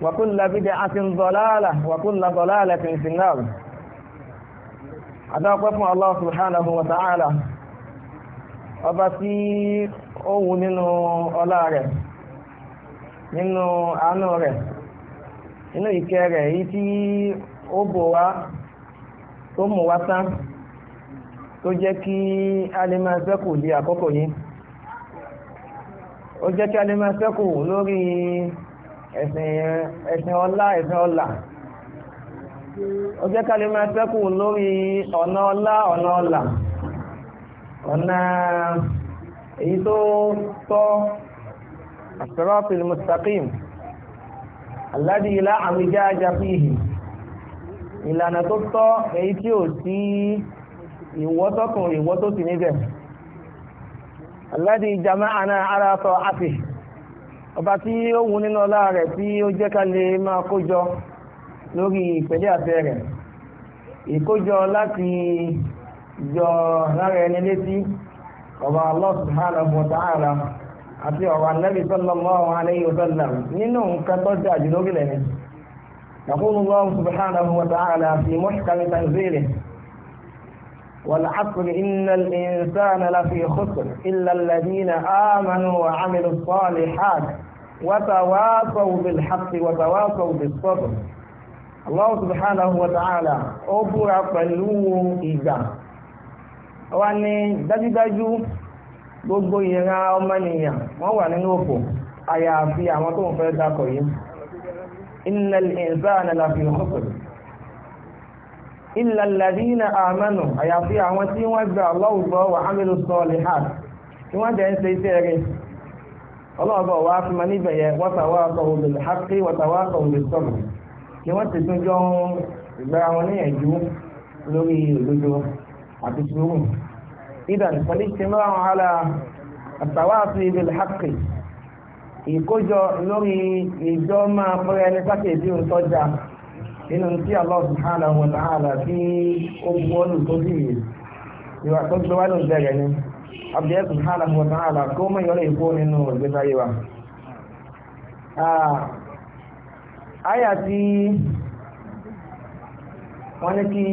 wa kullu bid'atin dhalalah wa kullu dhalalatin fi an-nar ada kwa Allah subhanahu wa ta'ala abasi o ninu olare ninu ninu ikere iti obowa to mu wasan to je ki alema seku li akoko yin o je ki alema lori ẹ̀sìn ọlá ẹ̀sìn ọlà ó jẹ́ kálí máa tẹ́kù lórí ọ̀nà ọlá ọ̀nà ọlà ọ̀nà èyí tó tọ́ as-siratul mustaqim alladhi la àmìjájá fíhì ìlànà tó tọ́ èyí tí ò sí ìwọ́tọ́kùn ìwọ́tọ́sí níbẹ̀ alladhi jama'ana ala ta'atihi ọba tí ó wù nínú ọlá rẹ̀ tí ó jẹ́ ká lè máa kójọ lórí ìpẹ̀lẹ̀ àtẹ rẹ̀ ìkójọ láti jọ lára ẹni létí ọba Allah subhanahu wa ta'ala àti ọ̀rọ̀ Ànábì sallallahu alayhi wa sallam nínú nǹkan tó dà jù lórí lẹ́yìn يقول الله سبحانه وتعالى في محكم تنزيله والعصر إن الإنسان لفي خسر إلا الذين آمنوا وعملوا الصالحات وتواصوا بالحق وتواصوا بالصبر Allah subhanahu wa ta'ala ó búra pẹ̀lú ìgbà wá ní dájúdájú gbogbo ìran ọmọnìyàn wọ́n wà nínú òfò àyàfi àwọn tó ń fẹ́ dákọ̀ yìí innal insana lafi khusr illa alladhina amanu àyàfi àwọn tí wọ́n gba Allah gbọ́ wa amilu salihat tí wọ́n jẹ́ ń ṣe iṣẹ́ rẹ̀ ọlọ́ọ̀bọ̀ wa fi ma níbẹ̀ yẹ wọ́tàwá sọ̀rọ̀ lè hákí wọ́tàwá sọ̀rọ̀ lè sọ̀rọ̀ kí wọ́n ti tún jọ ń gbára wọn níyànjú lórí òdodo àti sùúrù ìdá ìpàdé ti mọ́ra wọn hálà àtàwá sí ibi lè hákí ìkójọ lórí ìjọ máa fẹ́rẹ́ ẹni sákèjì ń tọ́jà nínú tí Allah subhanahu wa ta'ala tí ó bu tó sì ìwà tó gbé wá ni abdiyar subhanahu wa ta'ala komai yau rai ko nínú ìgbésí ayé wa àyà tí wọ́n ní kí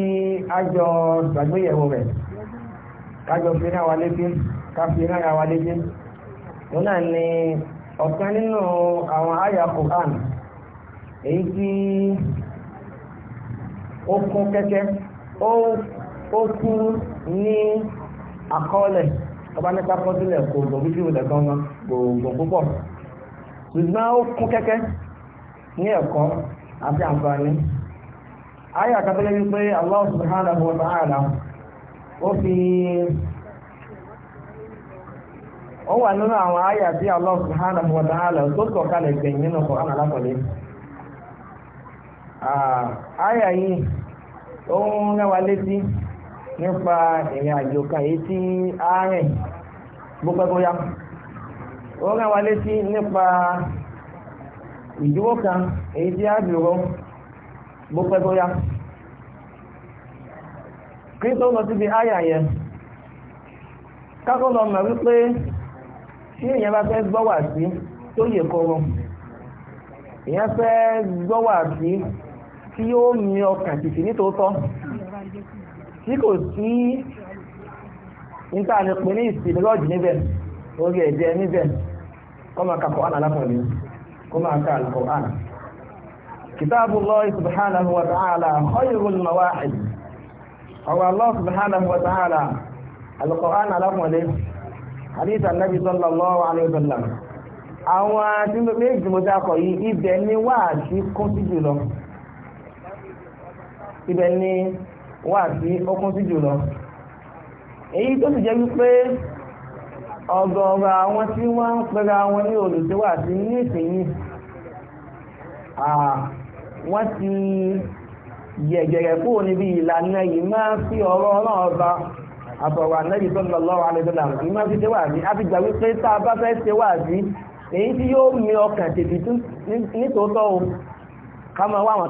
ájọ gbàgbéyẹ̀wò rẹ̀ kájọ fi náà wa létí ká fi náà wa létí òun náà ni ọ̀kan nínú àwọn àyà Qur'an èyí tí ó kún kẹ́kẹ́ ó kú ní àkọọ́lẹ̀ ọba ní ká kò gbọ̀n bí wọn gbòògùn púpọ̀ ṣùgbọ́n ó kún kẹ́kẹ́ ní ẹ̀kọ́ àti àǹfààní ayé àkàtọ́lẹ́ wípé Allah subhanahu wa ta'ala ó fi ó wà nínú àwọn ayé àti Allah subhanahu wa ta'ala tó sọ̀ kalẹ̀ gbẹ̀yìn nínú Qur'an alákọ̀ọ́lẹ́ ayé yìí ó ń wa létí nípa ìrìn àjò ka tí a rìn gbogbogbòyà ó rán wa létí nípa ìdúró kan èyí tí a dúró gbogbogbòyà kí tó lọ síbi àyà yẹn kákọ́ lọ mọ̀ wípé tí èèyàn bá fẹ́ gbọ́ sí tó yẹ kọrọ èèyàn fẹ́ gbọ́ sí tí yóò mi tí kò sí níta lè pè ní ìsìnlọ́ọ̀dì níbẹ̀ orí ẹ̀jẹ̀ níbẹ̀ kó máa ka Kùránì alápọ̀lẹ́ kó máa ka Al-Kùránì Kitabullahi subhanahu wa ta'ala khayrul mawa'id ọ̀rọ̀ Allah subhanahu wa ta'ala Al-Kùránì alápọ̀lẹ́ àwọn tí wà sí okun sí jùlọ èyí tó sì jẹ́ wípé ọ̀gọ̀ọ̀rọ̀ àwọn tí wọ́n ń wọn ní olùsíwà sí nísìnyí wọ́n ti yẹ̀gẹ̀rẹ̀ kúrò níbi ìlànà yìí máa fi ọ̀rọ̀ ọlọ́run bá àbọ̀wà nẹ́bí sọ́lọ́lọ́wọ́ alẹ́dọ́là yìí máa fi tẹ́wà sí àfìgbà wípé tá a bá fẹ́ sí èyí tí yóò mi ọkàn tètè nítòótọ́ o ká máa wá àwọn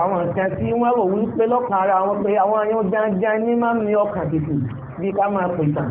àwọn nǹkan tí wọ́n rò wípé lọ́kàn ara wọn pé àwọn ayọ́ dáadáa ní máa ń ní ọkàn tètè bí ká máa pè tàn.